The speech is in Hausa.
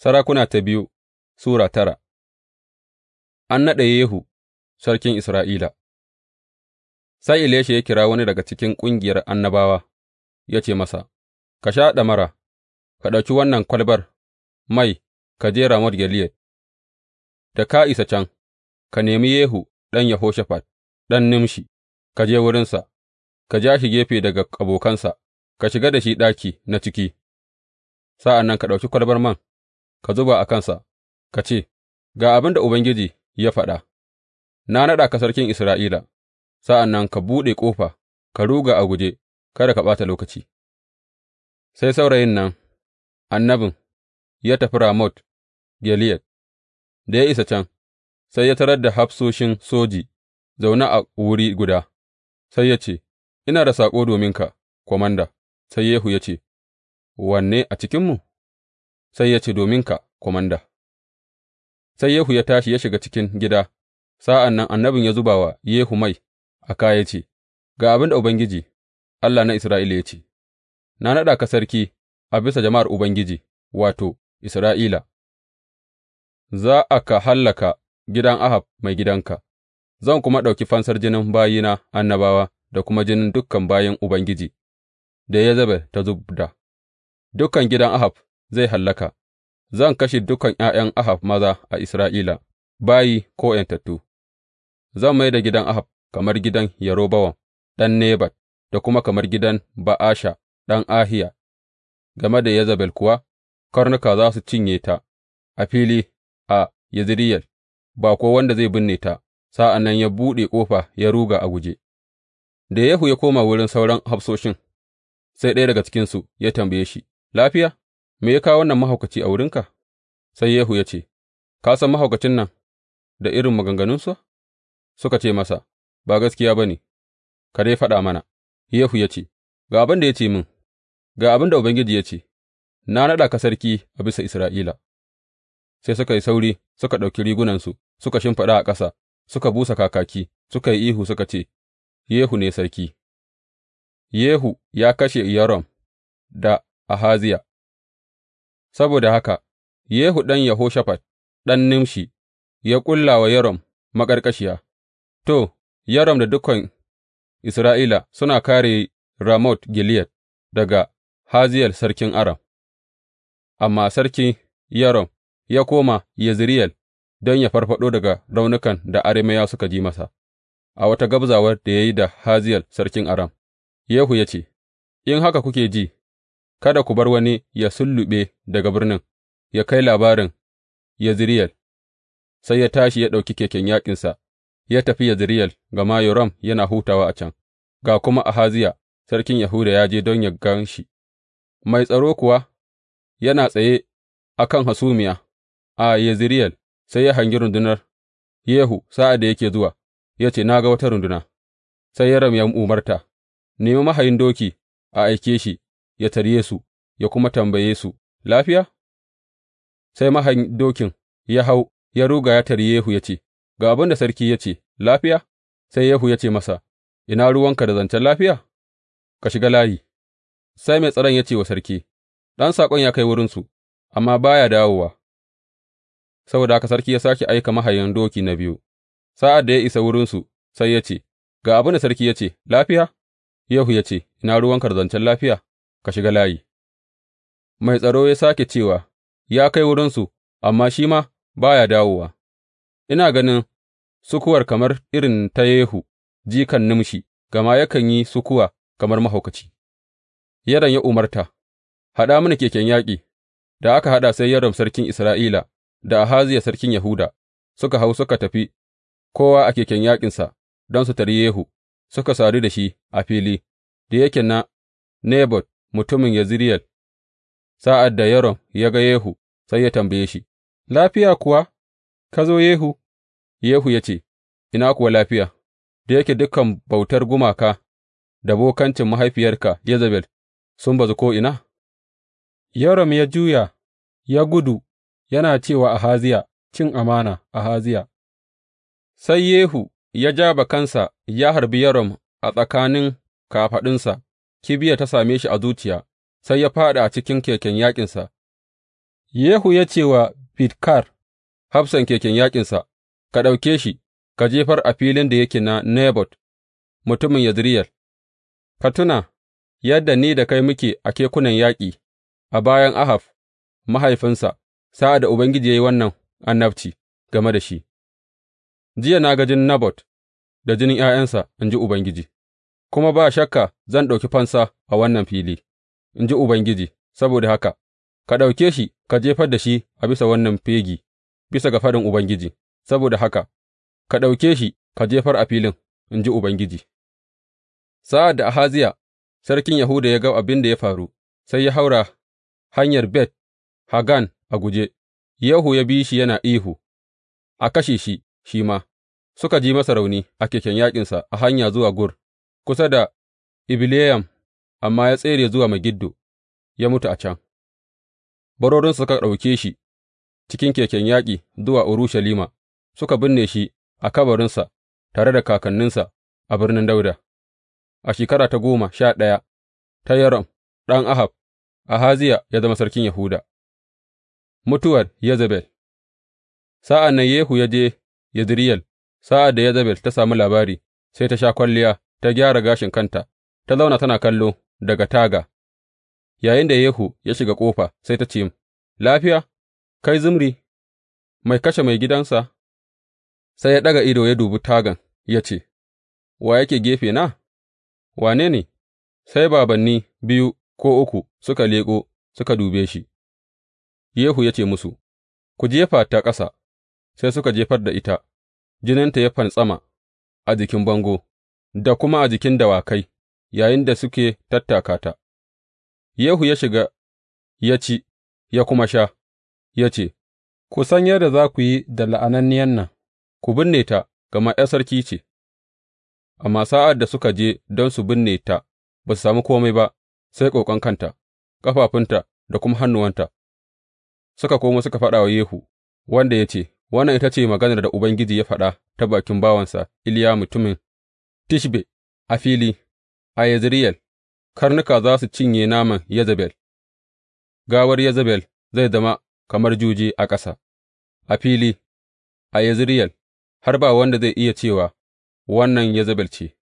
Sarakuna ta biyu Sura tara An naɗa Yehu sarkin Isra'ila Sai Elisha ya kira wani daga cikin ƙungiyar annabawa ya ce masa, Ka sha ɗamara, ka ɗauki wannan kwalbar mai ka je Ramot Gileyad, da ka isa can, ka nemi Yehu ɗan Yehoshafat, ɗan Nimshi, ka je wurinsa, ka ja shi gefe daga abokansa, ka shiga da shi ɗaki na ciki, sa'an nan ka ɗauki kwalbar man. ka zuba a kansa, ka ce, Ga abin da Ubangiji ya faɗa, na naɗa ka sarkin Isra'ila, sa'an nan ka buɗe ƙofa, ka ruga a guje, kada ka ɓata lokaci. Sai saurayin nan, annabin, ya tafi Ramot Gileyad, da ya isa can, sai ya tarar da hafsoshin soji zaune a wuri guda, sai ya ce, Ina da saƙo dominka, komanda, sai Yehu ya ce, Wanne a cikinmu? sai ya ce, Dominka, komanda. Sai Yehu ya tashi ya shiga cikin gida, sa'an nan annabin ya zuba wa Yehu mai a kaya ce, Ga abin da Ubangiji, Allah na Isra'ila ya ce, Na naɗa ka sarki a bisa jama'ar Ubangiji, wato, Isra'ila, za a ka hallaka gidan Ahab mai gidanka, zan kuma ɗauki fansar jinin bayina annabawa da kuma jinin dukkan bayan Ubangiji da ya zaba ta zubda, dukan gidan Ahab zai hallaka, zan kashe dukan ’ya'yan Ahab maza a Isra'ila, bayi ko ’yantattu, zan mai da gidan Ahab kamar gidan Yerobowam ɗan Nebat da kuma kamar gidan Ba'asha ɗan Ahiya, game da Yezebel kuwa, karnuka za su cinye ta a fili a Yezireyel, ba ko wanda zai binne ta, sa'an nan ya buɗe ƙofa ya ruga a guje. Da Yehu ya koma wurin sauran hafsoshin, sai ɗaya daga cikinsu ya tambaye shi, Lafiya? Me ya kawo wannan mahaukaci a wurinka? Sai Yehu ya ce, Ka san mahaukacin nan da irin maganganunsa? Suka ce masa, Ba gaskiya ba ne, ka dai faɗa mana. Yehu ya ce, Ga abin da ya ce min, ga abin da Ubangiji ya ce, Na naɗa ka sarki a bisa Isra'ila. Sai suka yi sauri, suka ɗauki rigunansu, suka shimfiɗa a ƙasa, suka busa kakaki, suka yi ihu suka ce, Yehu ne sarki. Yehu ya kashe Yoram da Ahaziya, Saboda haka Yehu ɗan Yehoshafat, ɗan Nimshi, ya ƙulla wa Yoram maƙarƙashiya, to, Yoram da dukan Isra'ila suna kare Ramot Gileyad daga Hazayel sarkin Aram, amma Sarkin Yoram ya koma Yezireyel don ya farfaɗo daga raunukan da Arameyawa suka ji masa a wata gabzawar da ya yi da Hazayel sarkin Aram, Yehu ya ce, In haka kuke ji, Kada ku bar wani ya sulluɓe daga birnin, Ya kai labarin Yezireyel, sai ya tashi ya ɗauki keken yaƙinsa, ya tafi Yezireyel, gama Yoram yana hutawa a can, ga kuma Ahaziya, sarkin Yahuda ya je don yă gan shi, mai tsaro kuwa yana tsaye a kan hasumiya a Yezireyel, sai ya hangi rundunar Yehu sa'ad da yake zuwa, ya ce, Na ga wata runduna, sai Yoram ya umarta, Nemi mahayin doki a aike shi ya tarye su, ya kuma tambaye su, Lafiya? Sai mahan dokin ya hau, ya ruga ya tarye Yehu ya ce, Ga abin da sarki ya ce, Lafiya? Sai Yehu ya ce masa, Ina ruwanka da zancen lafiya? Ka shiga layi. Sai mai tsaron ya ce wa sarki, Ɗan saƙon ya kai wurinsu, amma ba ya dawowa. Saboda haka sarki ya sake aika mahayin doki na biyu, sa'ad da ya isa wurinsu, sai ya ce, Ga abin da sarki ya ce, Lafiya? Yehu ya ce, Ina ruwanka da zancen lafiya? ka shiga layi. Mai tsaro ya sake cewa, Ya kai wurinsu, amma shi ma ba ya dawowa, ina ganin sukuwar kamar irin ta Yehu, jikan Nimshi, gama yakan yi sukuwa kamar mahaukaci. Yaron ya umarta, Haɗa mini keken yaƙi, da aka haɗa sai yaron sarkin Isra'ila da Ahaziya sarkin Yahuda suka hau suka tafi, kowa a keken yaƙinsa don su tari Yehu, suka sadu da shi a fili da yake na Nebot mutumin Yezireyel, sa'ad da Yoram ya ga Yehu, sai ya tambaye shi, Lafiya kuwa ka zo Yehu? Yehu ya ce, Ina kuwa lafiya, da yake dukan bautar gumaka da bokancin mahaifiyarka Yezebel sun bazu ina? Yoram ya juya, ya gudu, yana cewa Ahaziya, cin amana Ahaziya. Sai Yehu ya ja kansa ya harbi Yoram a tsakanin kafaɗinsa Kibiya ta same shi a zuciya, sai ya fāɗa a cikin keken yaƙinsa. Yehu ya ce wa Bidkar, hafsan keken yaƙinsa, Ka ɗauke shi, ka jefar a filin da yake na Nebot, mutumin Yezriyel, ka tuna yadda ni da kai muke a kekunan yaƙi a bayan Ahab, mahaifinsa, sa'ad da Ubangiji ya yi wannan annabci game da shi, jiya na ga jinin Nabot da jinin ’ya'yansa, in ji Ubangiji. kuma ba shakka zan ɗauki fansa a wannan fili, in ji Ubangiji, saboda haka, ka ɗauke shi ka jefar da shi a bisa wannan fegi, bisa ga faɗin Ubangiji, saboda haka, ka ɗauke shi ka jefar a filin, in ji Ubangiji. Sa'ad da Ahaziya, sarkin Yahuda ya ga abin da ya faru, sai ya haura hanyar Bet Hagan a guje, Yehu ya bi shi yana ihu, a kashe shi shi ma, suka ji masa rauni a keken yaƙinsa a hanya zuwa Gur. kusa da Ibileyam, amma ya tsere zuwa Megiddo ya mutu a can, barorinsa suka ɗauke shi cikin keken yaƙi zuwa Urushalima suka binne shi a kabarinsa tare da kakanninsa a birnin Dauda. A shekara ta goma sha ɗaya ta Yoram ɗan Ahab, Ahaziya ya zama sarkin Yahuda. Mutuwar Yezebel Sa'an nan Yehu ya je Yezireyel, sa'ad da Yezebel ta sami labari, sai ta sha kwalliya. ta gyara gashin kanta, ta zauna tana kallo daga taga, yayinda Yehu ya shiga ƙofa, sai ta ce, Lafiya, kai Zimri, mai kashe mai gidansa? Sai ya ɗaga ido ya dubi tagan, ya ce, Wa yake na? Wane ne? Sai babanni biyu ko uku suka leƙo suka dube shi, Yehu ya ce musu, Ku jefa ta ƙasa, sai suka jefar da ita, jininta ya fantsama a jikin bango. da kuma a jikin dawakai yayinda suke tattaka ta, Yehu ya shiga ya ci, ya kuma sha, ya ce, Ku san yadda za ku yi da la'ananniyan nan, ku binne ta, gama ’yar sarki ce, amma sa'ad da suka je don su binne ta, ba su sami komai ba, sai ƙoƙon kanta, ƙafafunta da kuma hannuwanta, suka komo suka faɗa wa Yehu, wanda ya ce, Wannan ita ce maganar da Ubangiji ya faɗa ta bakin bawansa Iliya mutumin Tishbe a fili, a Yezireyel, karnuka za su cinye naman Yezebel, gawar Yezebel zai zama kamar juji a ƙasa, a fili, a Yezireyel, har ba wanda zai iya cewa, Wannan Yezebel ce.’